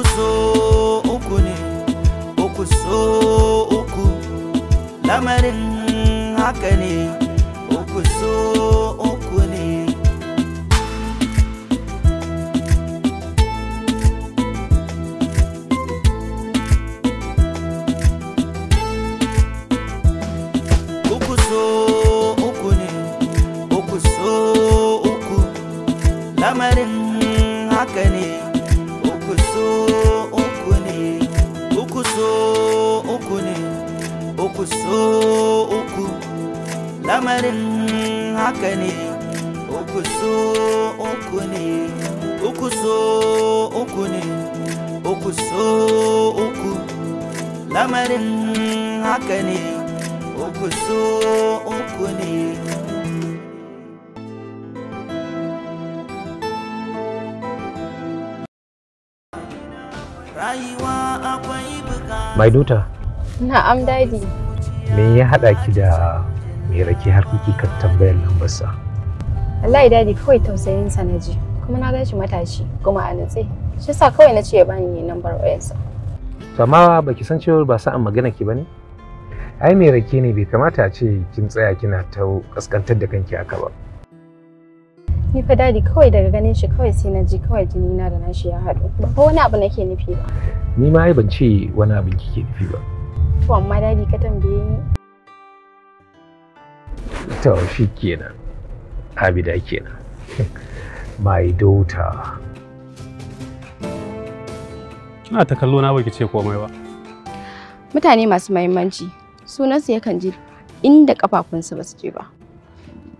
uku uku ne uku uku lamarin haka ne uku ku so uku ne My daughter. Na'am daddy. Me ya haɗa ki da mai rake har kuke kan tambayar lambarsa? Wallahi daddy kawai tausayin sa naji kuma na gashi matashi kuma a nutse. Shi sa kawai na ce ya bani lambar sa. Samawa baki san cewa ba sa'an magana ki bane? ai mai rake ne bai kamata a ce kin tsaya kina ta kaskantar da kanki aka ba ni fa dadi kawai daga ganin shi kawai sai na ji kawai jini na da nashi ya haɗu ba wani abu nake nufi ba ni ma ai ban ce wani abu kike nufi ba to amma dadi ka tambaye ni to shi kenan abida kenan my daughter Kina ta kallo na baki ce komai ba mutane masu mahimmanci sunansa yakan je inda kafafunsa ba su je ba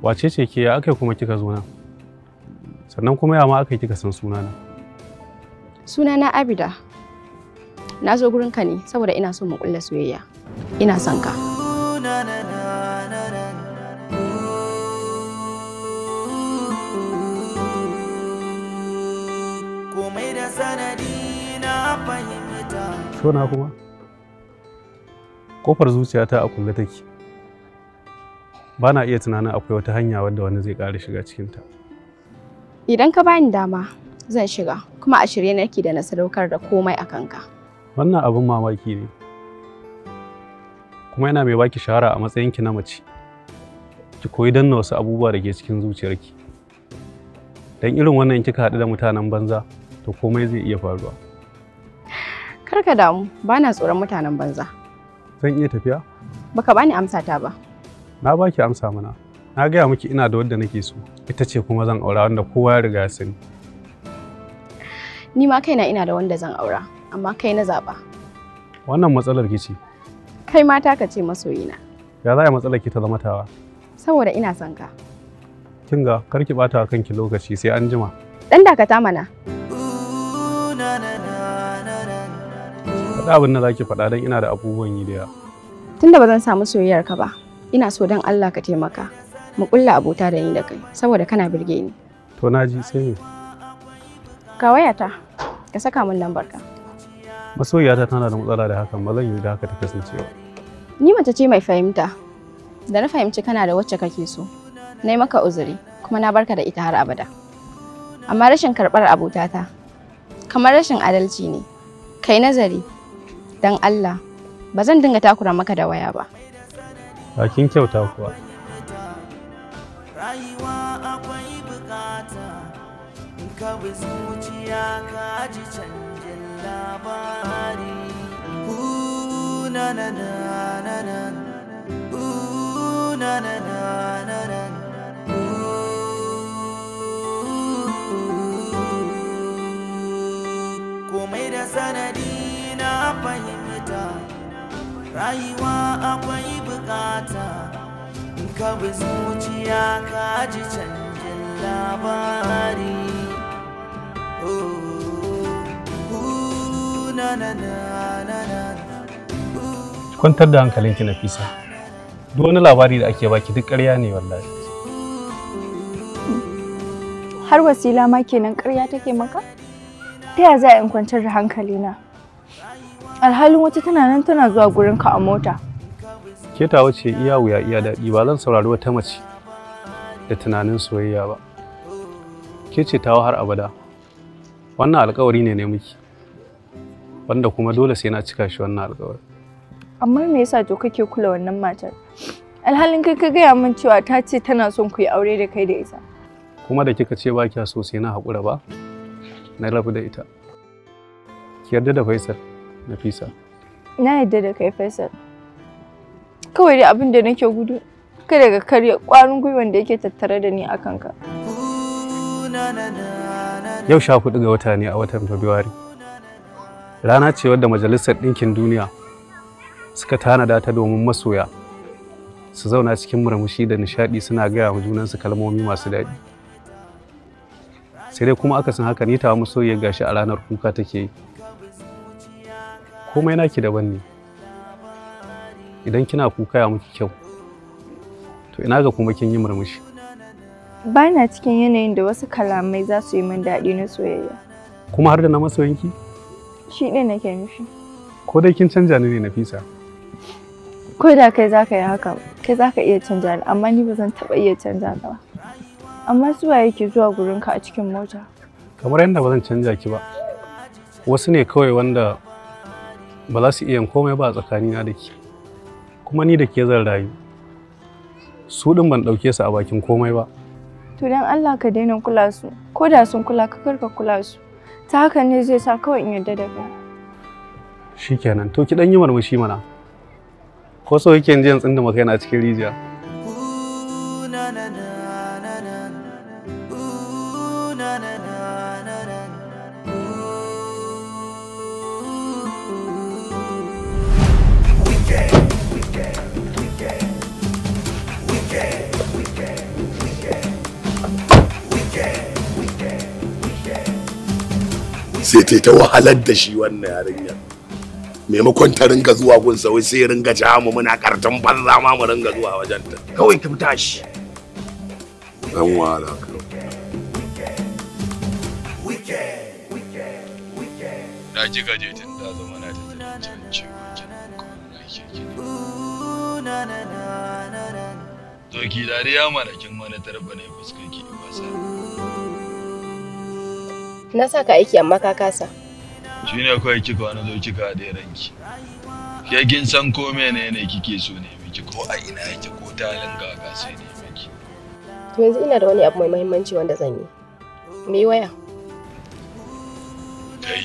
wace ce ke aka kuma kika zo nan sannan kuma ya ma aka kika san sunana sunana abida na zo ka ne saboda ina so mu kulla soyayya ina son ka Shona kuma? kofar zuciyata a kulle take ba na iya tunanin akwai wata hanya wadda wani zai ƙara shiga cikinta idan ka bani dama zan shiga kuma a shirye nake da na sadaukar da komai a kanka wannan abin mamaki ne kuma yana mai baki shahara a matsayinki na mace ki koyi danna wasu abubuwa da ke cikin zuciyarki dan irin wannan kika haɗu da mutanen banza to komai zai iya faruwa Kar ka damu bana tsoron mutanen banza Zan iya tafiya? Baka bani amsa ta ba. Na baki amsa mana. Na gaya miki ina da wadda nake so. Ita ce kuma zan aura wanda kowa ya riga ya sani. Ni ma kaina ina da wanda zan aura, amma kai na zaba. Wannan matsalar ki ce. Kai ma ta ce masoyina. Ya za a matsalar ki ta zama tawa? Saboda ina son ka. Kinga, kar ki bata kanki lokaci sai an jima. Dan dakata mana. faɗa abin da zaki faɗa don ina da abubuwan yi da Tunda ba zan samu soyayyar ka ba, ina so don Allah ka taimaka. Mu kulla abota da ni da kai, saboda kana birge ni. To na ji sai me? Ka wayata, ka saka min lambar ka. Masoyiyata tana da matsala da hakan, ba zan yi da haka ta ba. Ni mace ce mai fahimta. Da na fahimci kana da wacce kake so. Na yi maka uzuri, kuma na barka da ita har abada. Amma rashin karɓar ta kamar rashin adalci ne. Kai nazari, dan Allah ba zan dinga takura maka da waya ba. Bakin kyauta kuwa. Rayuwa akwai bukata in ka bi zuciya ka ji canjin labari. na na na. rayuwa akwai bukata in ka bi zuciya ka ji canjin labari kwantar da hankalinki na fisa duk wani labari da ake baki duk ƙarya ne wallahi har wasila ma kenan ƙarya take maka ta yaya za a in kwantar da hankalina alhalin wata tana nan tana zuwa gurin ka a mota ke ta wuce iya wuya iya daɗi ba zan saurari wata mace da tunanin soyayya ba ke ce tawa har abada wannan alkawari ne ne miki wanda kuma dole sai na cika shi wannan alkawari amma me yasa to kake kula wannan matar alhalin kai ka gaya min cewa ta ce tana son ku yi aure da kai da ita kuma da kika ce ba kya so sai na haƙura ba na rabu da ita ki yarda da faisal Nafisa. Na yadda da kai Faisal. Kawai dai abin da nake gudu kada ka karya kwarin gwiwan da yake tattare da ni a kanka. Yau sha hudu ga wata ne a watan Fabrairu. Rana ce wadda Majalisar Ɗinkin Duniya suka tanada ta domin masoya su zauna cikin murmushi da nishaɗi suna gaya wa junansu kalmomi masu daɗi. Sai dai kuma akasin haka ni tawa masoyiyar gashi a ranar kuka take yi. komai naki daban ne idan kina kuka ya miki kyau to ina ga kuma kin yi murmushi ba na cikin yanayin da wasu kalamai za su yi min daɗi na soyayya kuma har da na masoyinki shi ne nake nufi ko dai kin canja ni ne nafisa ko da kai za ka yi haka kai za ka iya canja ni amma ni ba zan taɓa iya canja ka ba amma zuwa yake zuwa gurinka a cikin mota kamar yadda ba zan canja ki ba wasu ne kawai wanda ba za su iya komai ba a na da ke kuma ni da ke zan rayu su ɗin ban ɗauke su a bakin komai ba to don Allah ka daina kula su ko da sun kula ka karka kula su ta haka ne zai sa kawai in yarda da kai shikenan to ki dan yi murmushi mana ko so kike jin tsinda maka yana cikin rijiya ce ta wahalar da shi wannan yarinya maimakon ta ringa zuwa gun sai sai ringa ja mu muna kartan banza ma mu ringa zuwa wajen ta kawai fita shi dan wahala na ji gaje tun da zama na ta can cewa kin na ke gina to ki dariya mana kin wani tarba ne fuskar ki ba sai Na sa ka aiki amma ka kasa. Shi ne kawai kika wani zo kika da ranki. Ke kin san ko menene kike so ne miki ko a ina yake ko talin gaga sai ne miki. To yanzu ina da wani abu mai muhimmanci wanda zan yi. Me waya? Kai.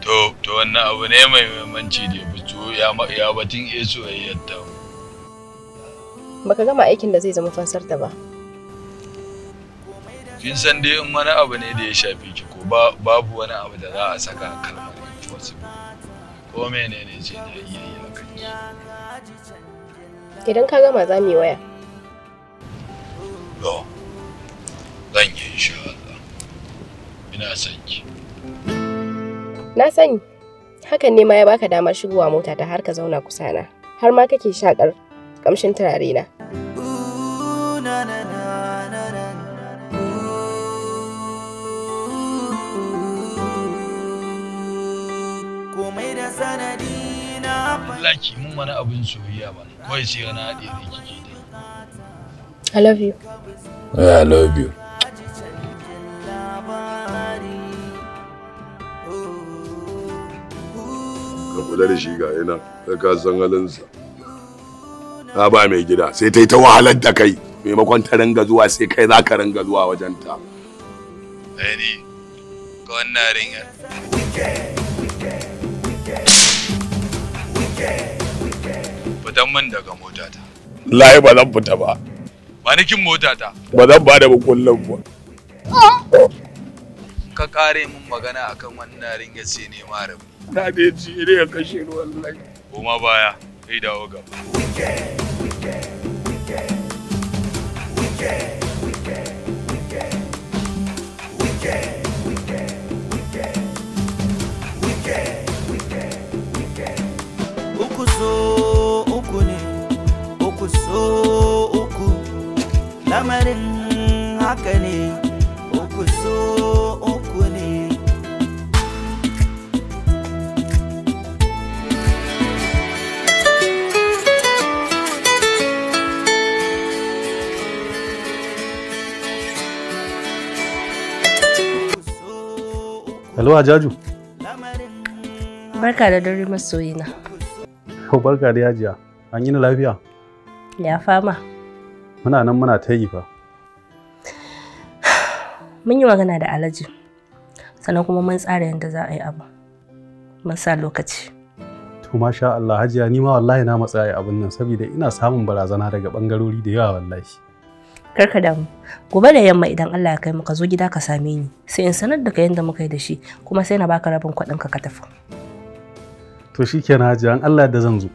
To, to wannan abu ne mai muhimmanci da ya ya ya batun eso yayyata. Baka gama aikin da zai zama fansarta ba. kin san dai in wani abu ne da ya shafi ki ko babu wani abu da za a saka kalmar impossible ko menene ce da iya yi a idan ka gama za mu waya to zan yi insha Allah ina son ki na sani hakan ne ma ya baka damar shigowa mota ta har ka zauna kusa na har ma kake shakar kamshin turare na Allah ki mun wani abin soyayya ba kawai sai wani haɗe da kike da I love you I love you ka kula da shi ga yana ka ka san halinsa ta ba mai gida sai ta yi ta wahalar da kai maimakon ta ringa zuwa sai kai za ka ringa zuwa wajenta. ta. ne, ga wannan rinyar. fitan min daga motata. Lai ba zan fita ba. Manikin motata. Ba zan ba da kullum ba. Ka kare min magana akan wannan ringa ce ne mara. Na dai ji ne ya kashe ni wallahi. Koma baya, sai dawo gaba. haka ne uku so uku ne Hello Ajaju. Barka da dare masoyina. ko oh, barka da yajiya. An yi lafiya? Ya fama. Muna nan muna ta yi fa. mun yi magana da alaji, sannan kuma mun tsara yadda za a yi abu mun sa lokaci to masha Allah hajiya ni ma wallahi na matsa yi abin nan saboda ina samun barazana daga bangarori da yawa wallahi karka damu gobe da yamma idan Allah ya kai mu ka zo gida ka same ni sai in sanar da ka yadda muka yi da shi kuma sai na baka rabin kuɗin ka ka tafi to shikenan hajiya an Allah da zan zo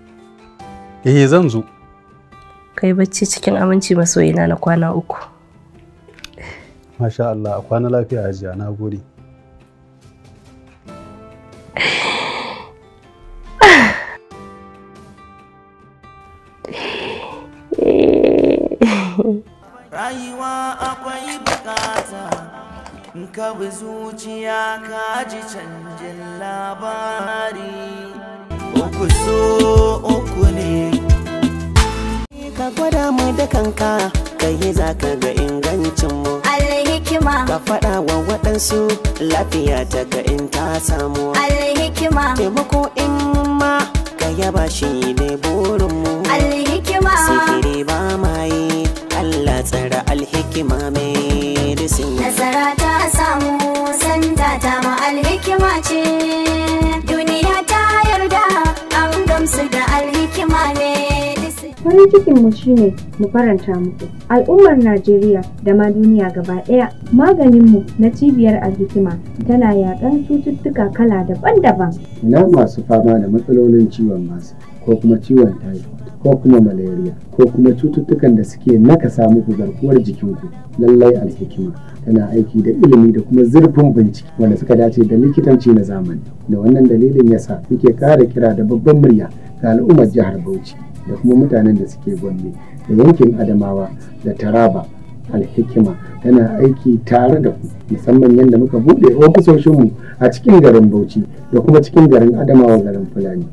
eh zan zo kai bacci cikin aminci masoyina na kwana uku Masha Allah, a kwana lafiya hajiya, na gode. Rayuwa akwai bukata, in ka bi zuciya ka ji canjin labari. Uku so uku ne. Ka gwada mu da kanka, ka yi za ka ga ingancin mu? hikima Ka faɗa wa waɗansu lafiya ta ga in ta samu Alhikima Taimako in ma ka yaba shi ne burinmu Alhikima Sihiri ba ma Allah tsara alhikima mai disin Nasara ta samu Farin cikinmu shine mu faranta muku. Al'ummar Najeriya da ma duniya gaba ɗaya maganinmu na cibiyar alhikima tana yakan cututtuka kala daban-daban. Ina masu fama da matsalolin ciwon masa ko kuma ciwon tayi ko kuma malaria ko kuma cututtukan da suke nakasa muku garkuwar jikinku lallai alhikima tana aiki da ilimi da kuma zurfin bincike wanda suka dace da likitanci na zamani da wannan dalilin yasa muke kara kira da babban murya ga al'ummar jihar Bauchi da kuma mutanen da suke gombe da yankin adamawa da taraba alhikima tana aiki tare da ku musamman yadda muka buɗe ofisoshinmu a cikin garin bauchi da kuma cikin garin adamawa garin fulani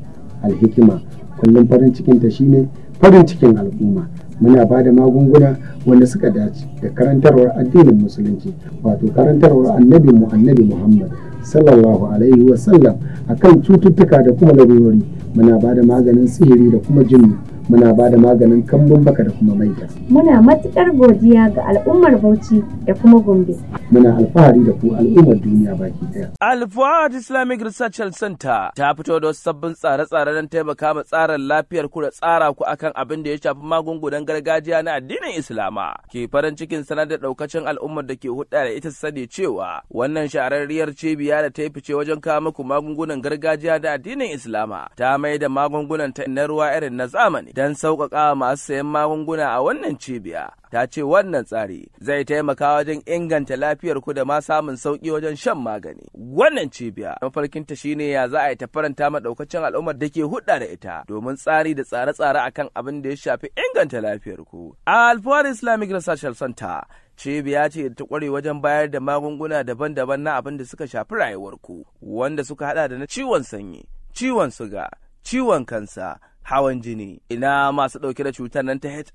alhikima kullum farin cikinta shine farin cikin al'umma muna ba da magunguna wanda suka dace da karantarwar addinin musulunci wato karantarwar annabi annabi muhammad sallallahu alaihi wasallam akan cututtuka da kuma larurori muna ba da maganin sihiri da kuma jinnu muna ba da maganin kambun baka da kuma maita. Muna matuƙar godiya ga al'ummar Bauchi da kuma Gombe. Muna alfahari da ku al'ummar duniya baki ɗaya. Alfuad Islamic Research Center ta fito da sabbin tsare-tsare don taimaka ma tsarin lafiyar ku da tsara ku akan abin da ya shafi magungunan gargajiya na addinin Islama. Ke farin cikin sanar da ɗaukacin al'ummar da ke hudda da ita sani cewa wannan shahararriyar cibiya da ta yi fice wajen kawo muku magungunan gargajiya da addinin Islama ta mai da magungunan ta na ruwa irin na zamani. don sauƙaƙa masu sayan magunguna a wannan cibiya ta ce wannan tsari zai taimaka wajen inganta lafiyar ku da ma samun sauƙi wajen shan magani wannan cibiya mafarkinta shine ya za a yi ta faranta maɗaukacin al'ummar da ke hudda da ita domin tsari da tsare-tsare akan abin da ya shafi inganta lafiyar ku alfawar islamic research center cibiya ce da ta kware wajen bayar da magunguna daban-daban na abin da suka shafi rayuwarku wanda suka haɗa da na ciwon sanyi ciwon suga ciwon kansa hawan jini ina masu ɗauke da cutar nan ta hiv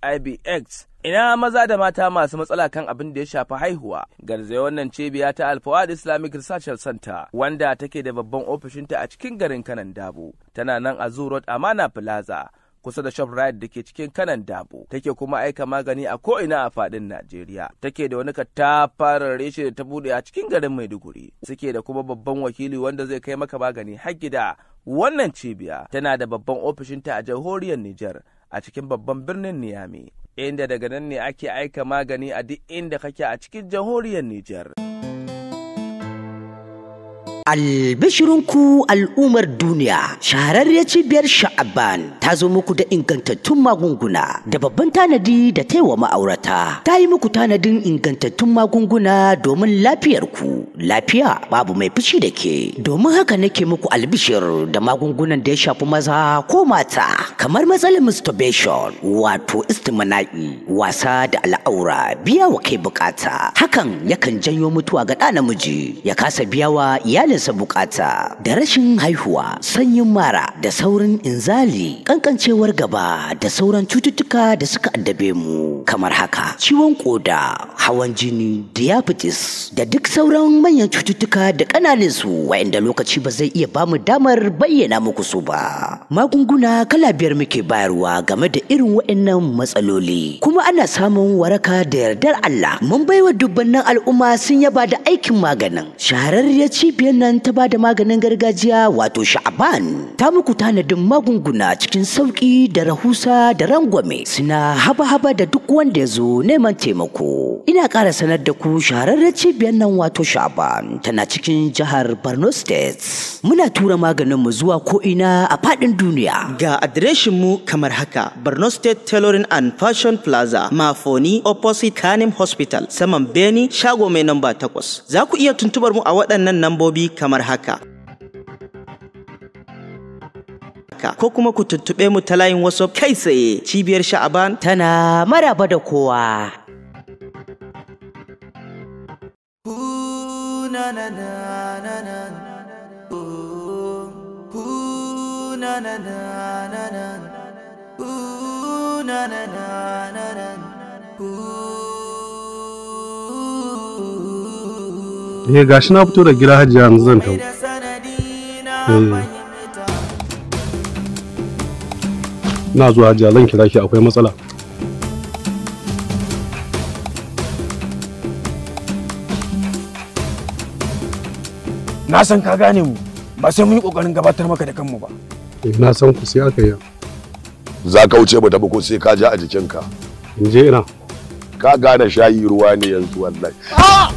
aids ina maza da mata masu matsala kan abin da ya shafi haihuwa garzaya wannan cibiya ta alfawad islamic research center wanda take da babban ofishinta a cikin garin kanan dabo tana nan a zoo road amana plaza kusa da shoprite da ke cikin kanan dabo take kuma aika magani a ko'ina a fadin najeriya take da wani fara reshe da ta bude a cikin garin maiduguri suke da kuma babban wakili wanda zai kai maka magani har gida Wannan cibiya tana da babban ofishinta a jamhuriyar Nijar a cikin babban birnin Niamey, inda daga nan ne ake aika magani a duk inda kake a cikin jamhuriyar Nijar. Albishirinku al'ummar duniya shahararriyar cibiyar sha'aban ta zo muku da ingantattun magunguna da babban tanadi da taiwa ma'aurata ta yi muku tanadin ingantattun magunguna domin lafiyarku lafiya babu mai fushi da ke domin haka nake muku albishir da magungunan da ya shafi maza ko mata kamar matsalar masturbation wato istimana'i wasa da al'aura biya wa kai bukata hakan yakan janyo mutuwa ga ɗa namiji ya kasa biyawa iyalin biyansa bukata da rashin haihuwa sanyin mara da saurin inzali kankancewar gaba da sauran cututtuka da suka addabe mu kamar haka ciwon koda hawan jini diabetes da duk sauran manyan cututtuka da kananin su wa'inda lokaci ba zai iya bamu damar bayyana muku su ba magunguna kala biyar muke bayarwa game da irin wayannan matsaloli kuma ana samun waraka da yardar Allah mun baiwa dubbannin al'umma sun yaba da aikin maganin shahararriyar cibiyar nan ta bada maganin gargajiya wato sha'aban ta muku tanadin magunguna cikin sauki da rahusa da rangwame suna haba-haba da duk wanda ya zo neman taimako ina ƙara sanar da ku shahararren cibiyar nan wato sha'aban tana cikin jihar borno state muna tura maganin mu zuwa ko ina a faɗin duniya ga adireshin mu kamar haka borno state tailoring and fashion plaza mafoni opposite kanem hospital saman beni shago mai namba takwas za ku iya tuntubar mu a waɗannan nambobi kamar haka ko kuma ku tuntuɓe mu ta layin wasu kai tsaye cibiyar sha'aban tana maraba da kowa na na na eh gashi na fito da gida hajiya yanzu zan tau eh. na zuwa hajiya zan kira ki akwai matsala na san ka gane mu ba sai mun yi kokarin gabatar maka da kanmu ba Eh na san ku sai aka yi za ka wuce ba ta ko sai ka ja a jikinka in je ina ka gane shayi ruwa ne yanzu wallahi ah!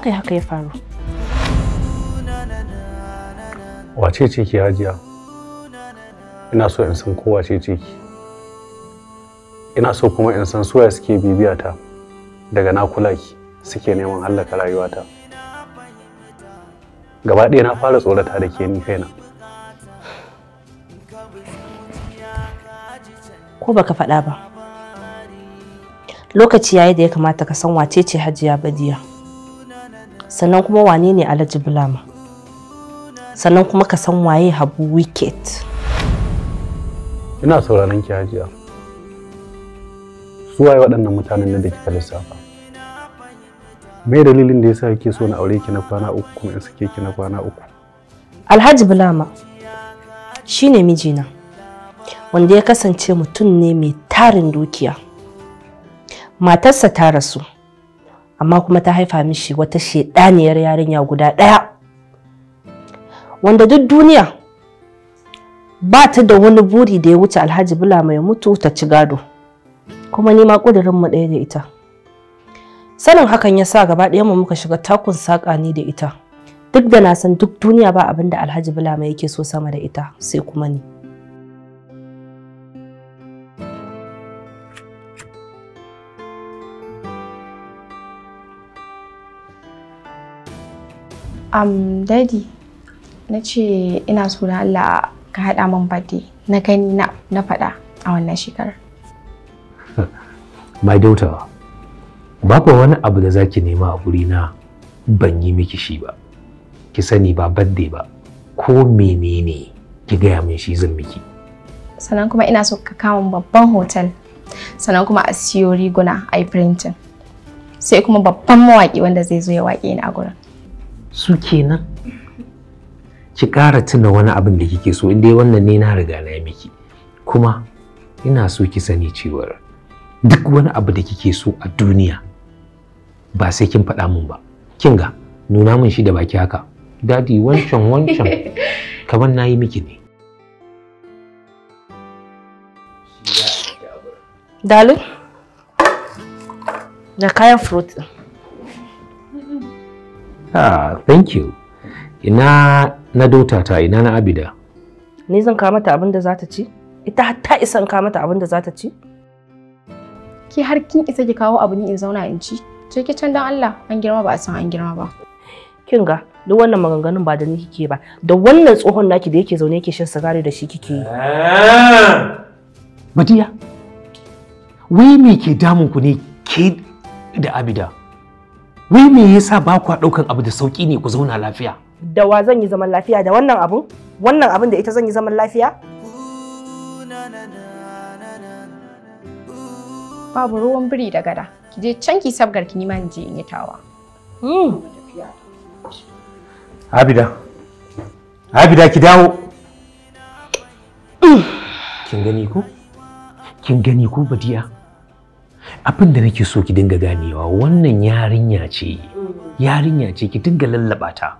kai haka ya faru wace ce ki hajiya ina so in san kowa ce ki ina so kuma in san suwaye suke bibiya ta daga na kula ki suke neman hallaka rayuwata gaba ɗaya na fara tsorata da ke ni kaina ko baka faɗa ba lokaci yayi da ya kamata ka san wace ce hajiya badiya sannan kuma wane ne alhaji bulama sannan kuma ka san waye habu wicket ina sauraron ki hajiya su waye waɗannan mutanen da kika lissafa me dalilin da yasa kike so na aure ki na kwana uku kuma in sake ki na kwana uku alhaji bulama shine mijina wanda ya kasance mutum ne mai tarin dukiya matarsa ta rasu amma kuma ta haifa mishi wata shedaniyar yarinya guda ɗaya wanda duk duniya ba ta da wani buri da ya wuce alhaji bula mai mutu ta ci gado kuma nima ƙudurinmu ɗaya da ita sanin hakan ya sa gaba mu muka shiga takun saƙani da ita duk da na san duk duniya ba abinda alhaji bula mai yake so sama da ita sai kuma ni. um, daddy na ce ina so Allah ka haɗa min birthday na gani na na faɗa a wannan shekarar my daughter babu wani abu da zaki nema a guri na ban yi miki shi ba ki sani ba birthday ba ko menene ki gaya min shi zan miki sannan kuma ina so ka kama babban hotel sannan kuma a siyo riguna a yi printing sai kuma babban mawaƙi wanda zai zo ya waƙe ni a gurin su kenan ki ƙara tuna wani abin da kike so inda wannan ne na riga na yi miki kuma ina so ki sani cewa duk wani abu da kike so a duniya ba sai kin faɗa mun ba kin ga nuna mun shi da baki haka dadi wancan wancan kamar na yi miki ne Dalu, da kayan fruit. Ah, thank you. Ina na ta, ina na abida. Ni zan kawo mata abin da za ta ci? Ita har ta isa in kawo mata abin da za ta ci? Ki har kin isa ki kawo abu ni in zauna in ci? Ce ki can dan Allah an girma ba a san an girma ba. Kin ga duk wannan maganganun ba da ni kike ba. Da wannan tsohon naki da yake zaune yake shan sigari da shi kike yi. Madiya. Wai me ke damun ku ne ke da Abida? wai me yasa ba ku ɗaukan abu da sauki ne ku zauna lafiya da wa zan yi zaman lafiya da wannan abun wannan abun da ita zan yi zaman lafiya babu ruwan biri da gada ki je can ki sabgar ki nima je in yi tawa hmm. Abida Abida ki dawo hmm. kin gani ko kin gani ko badiya abin da nake so ki dinga ganewa wannan yarinya ce yarinya ce ki dinga lallaba ta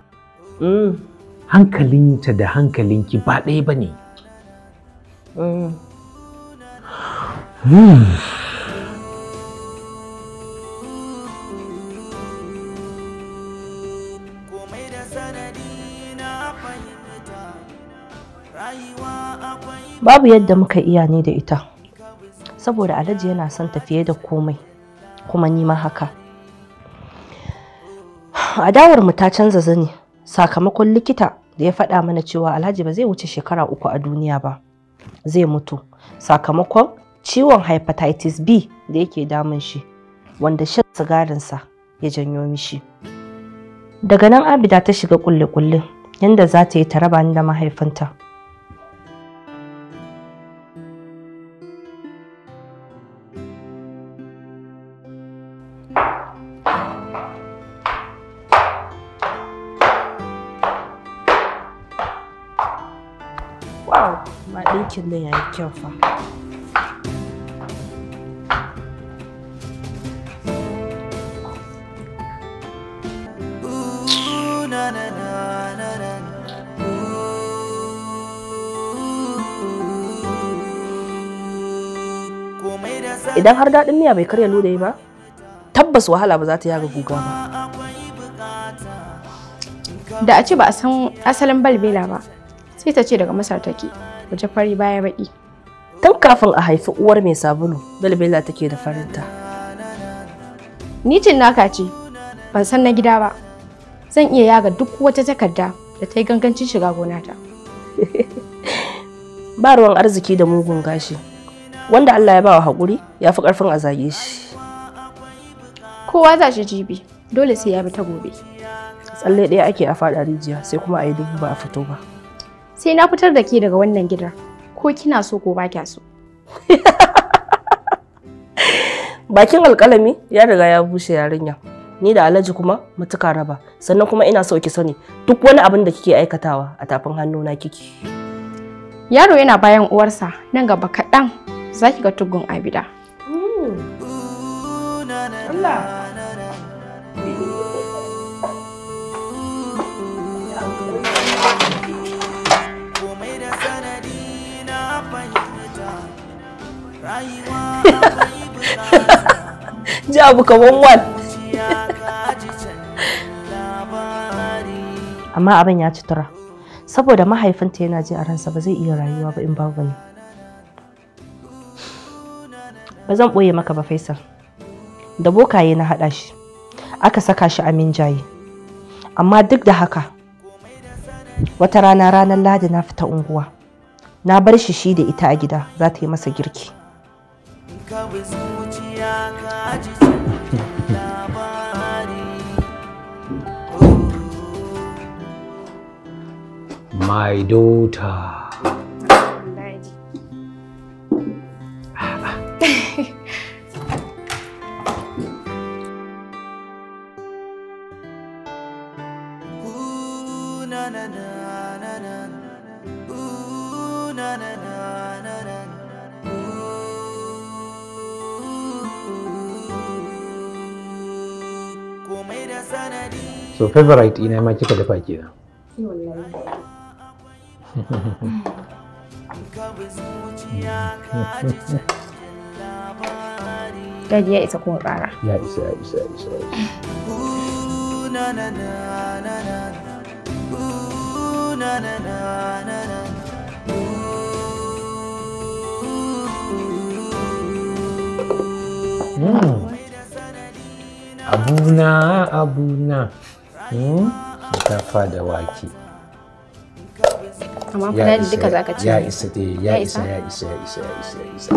mm. hankalinta da hankalinki ba ɗaya ba ne mm. babu yadda muka iya ne da ita saboda alhaji yana son ta fiye da komai kuma nima ma haka adawar mu ta canza zani, sakamakon likita da ya faɗa mana cewa alhaji ba zai wuce shekara uku a duniya ba zai mutu sakamakon ciwon hepatitis b da yake damun shi wanda shan sigarinsa ya janyo mishi daga nan abida ta shiga kulle-kulle yadda za ta yi ta raba ni da mahaifinta Wow! Ma ɗinkin nan yayi kyau fa. Idan har daɗin miya bai karya ludayi ba, tabbas wahala ba za ta yaga guga ba. Da a ce ba a san asalin balbela ba, sai ta ce daga masar take waje fari baya baki tun kafin a haifi uwar mai sabulu bilbila take da farinta nicin naka ce ban san na gida ba zan iya yaga duk wata takarda da ta yi gangancin shiga gonata ba ruwan arziki da mugun gashi wanda Allah ya bawa haƙuri ya fi ƙarfin a zage shi kowa za shi jibi dole sai ya bi ta gobe tsalle ɗaya ake a faɗa rijiya sai kuma a yi dubu ba a fito ba sai na fitar da ke daga wannan gidan ko kina so ko ba kya so bakin alkalami ya riga ya bushe yarinya ni da alhaji kuma mutuka raba sannan kuma ina so ki sani duk wani abin da kike aikatawa a tafin hannuna kiki yaro yana bayan uwarsa nan gaba kaɗan zaki ga tugun abida mm. Allah ji abu amma abin ya ci tura saboda mahaifinta yana ji a ransa ba zai iya rayuwa ba in babu ne ba zan ɓoye maka ba faisal da bokaye na haɗa shi aka saka shi a minjaye amma duk da haka wata rana ranar ladi na fita unguwa na bar shi shi da ita a gida za ta yi masa girki ka bi zuciya ka ji labari oh. my daughter so favorite ina ma kika dafa kenan Daji ya isa kuma ƙara. Ya isa, ya isa, ya isa. Hmm. Abuna, abuna. Hmm? shinkafa da wake amma ya isa eh, ya isa ya isa ya isa ya isa ya isa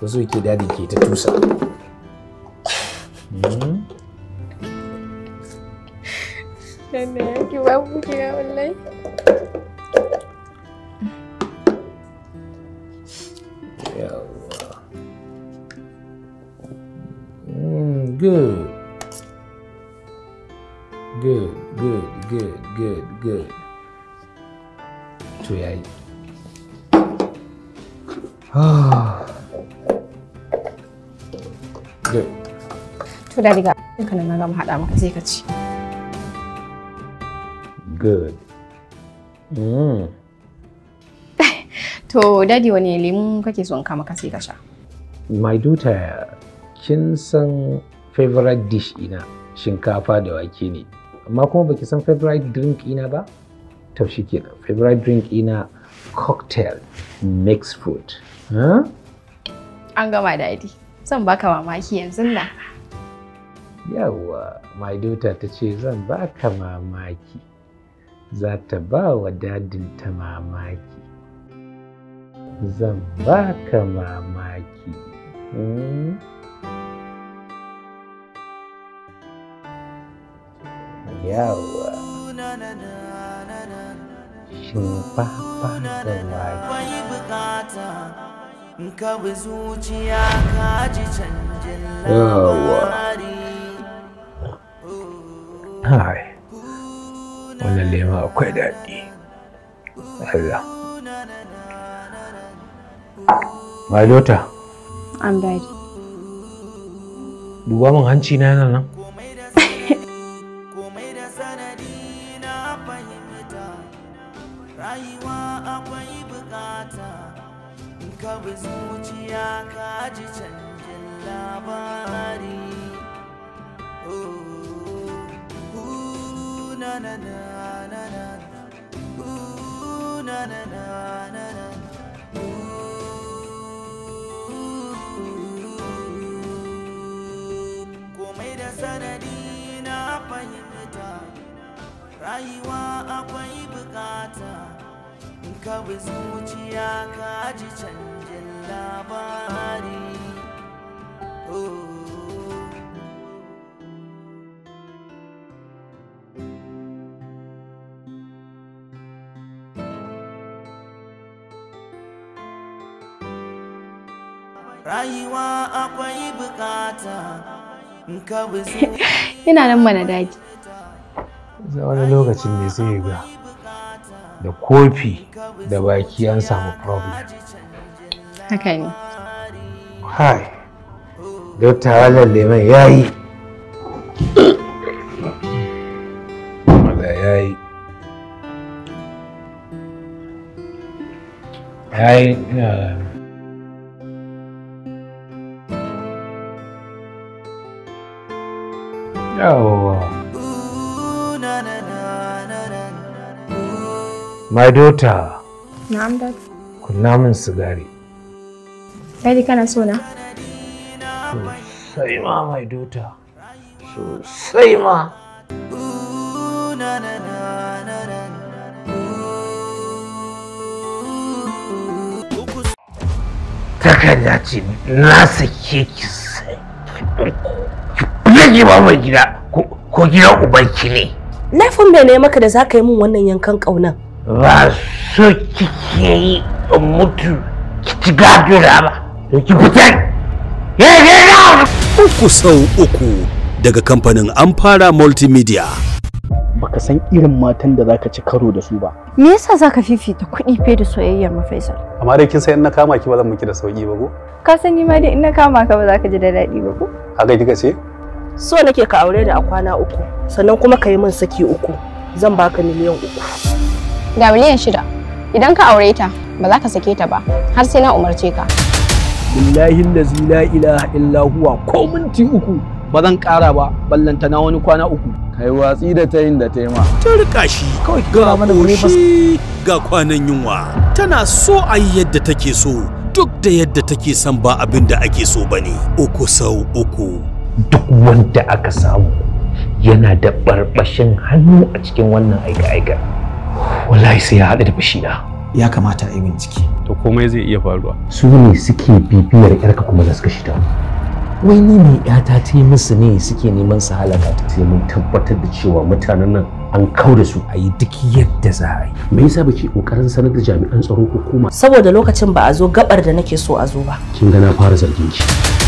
ko so yake dadi ke ta tusa hmm? Nana, ki ba kira wallahi. da riga ka nan na gama haɗa maka sai ka ci. Good. Mm. to dadi wani lemu kake son ka maka sai ka sha. My daughter kin san favorite dish ina shinkafa da wake ne. Amma kuma baki san favorite drink ina ba? To shikenan favorite drink ina cocktail mixed fruit. An gama dadi. Zan baka mamaki yanzu nan. yawa my ta ce zan ba ka mamaki za ta ba wa dadin ta mamaki zan ba ka mamaki hmm? yawa shinkafa da wake yawa hai wannan lema akwai daɗi Allah my daughter I'm ready duba min hanci na yana nan labari na na na na na na na na na na Komai da sanadi na fahimta Rayuwa akwai bukata Ka bi zuciya ka ji canjin labari Oh rayuwa akwai bukata ka ina nan mana daji za wani lokacin ne sai ga da kofi da baki an samu problem haka ne hai dokta wannan lemon ya yi ya yi ya yi Yawa. My daughter. Na'am dad. Kunna min sigari. Daddy kana so na? Sosai ma my daughter. Sosai ma. Takarda ce na sake ki sai zan ba mai gida ko gidan ubanki ne laifin bai ne maka da za ka yi min wannan yankan ƙaunan ba so kike yi in mutu ki ci gadura ba to ki fitar uku sau uku daga kamfanin amfara multimedia baka san irin matan da zaka ci karo da su ba. Me yasa zaka fifita kuɗi fe da soyayyar ma Faisal? Amma dai kin san in na kama ki ba zan miki da sauki ba ko? Ka san ni ma dai in na kama ka ba zaka ji da daɗi ba ko? Haka kika ce? so nake ka aure ni a kwana uku sannan kuma ka yi min saki uku zan baka miliyan uku ga miliyan shida idan ka aure ta ba za ka sake ta ba har sai na umarce ka billahi allazi la ilaha illa huwa ko minti uku ba zan kara ba ballanta na wani kwana uku kai watsi da ta da ta yi ma ta rika shi ga koshi ga kwanan yunwa tana so a yi yadda take so duk da yadda take son ba abin da ake so bane uku sau uku duk wanda aka samu yana da barbashin hannu a cikin wannan aika-aika wallahi sai ya haɗu da na. ya kamata a yi bincike to komai zai iya faruwa su ne suke bibiyar yarka kuma za da suka ta wai ni ne yata ta yi musu ne suke neman su halaka ta sai mun tabbatar da cewa mutanen nan an kau da su a yi duk yadda za a yi me yasa ba ke kokarin sanar da jami'an tsaron hukuma saboda lokacin ba a zo gabar da nake so a zo ba kin ga na fara zargin ki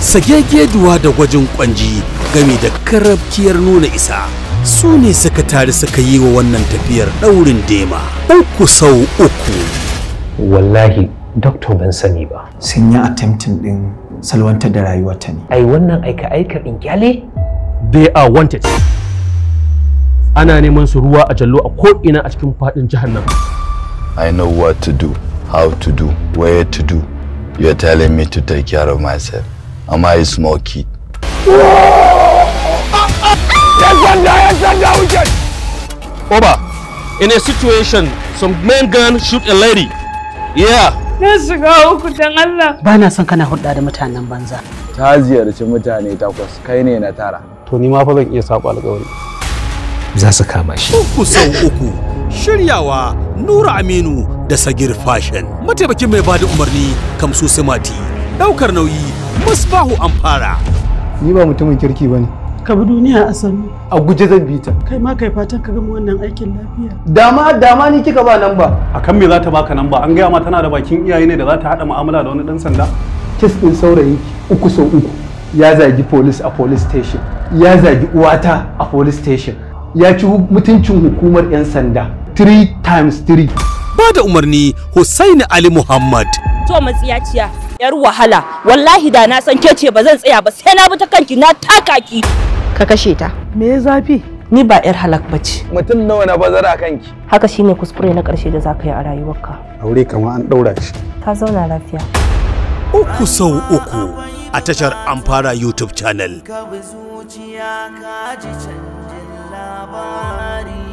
sagegeduwa da gwajin kwanji game da karabkiyar nuna isa su ne suka tare suka yi wa wannan tafiyar daurin dema uku sau uku wallahi doktor ban sani ba sun yi attempting din salwantar da rayuwarta ne ai wannan aika aikar in kyale they are wanted ana neman su ruwa a jallo a ko'ina a cikin faɗin jihar nan i know what to do how to do where to do are telling me to take care of myself Am I a small kid? Oba, in a situation, some men gun shoot a lady. Yeah. Na shiga Allah. Ba na son kana hulɗa da mutanen banza. Ta ziyarci mutane takwas, kai ne na tara. To ni ma fa zan iya sako alƙawari. Za su kama shi. Uku sau uku. Shiryawa Nura Aminu da Sagir Fashion. Mataimakin mai bada umarni Kamsu Simati. daukar nauyi musbahu amfara ni ba mutumin kirki ba ne ka bi duniya a sannu a guje zan bi ta kai ma kai fatan ka gama wannan aikin lafiya dama dama ni kika ba nan ba akan me za ta baka nan ba an gaya ma tana da bakin iyaye ne da za ta haɗa mu'amala da wani ɗan sanda kis ɗin saurayi uku sau uku ya zagi police a police station ya zagi uwata a police station ya ci mutuncin hukumar 'yan sanda 3 times 3 ba da umarni Hussaini Ali Muhammad. To matsiyaciya yar wahala wallahi da na san ke ce ba zan tsaya ba sai na bi ta kanki na taka ki ka kashe ta me ya zafi ni ba yar halak bace mutum nawa na bazara kanki haka shine kuskure na karshe da zaka yi a rayuwarka aure kamar an daura shi ka zauna lafiya uku sau uku a tashar amfara youtube channel ka bi zuciya ka ji canjin labari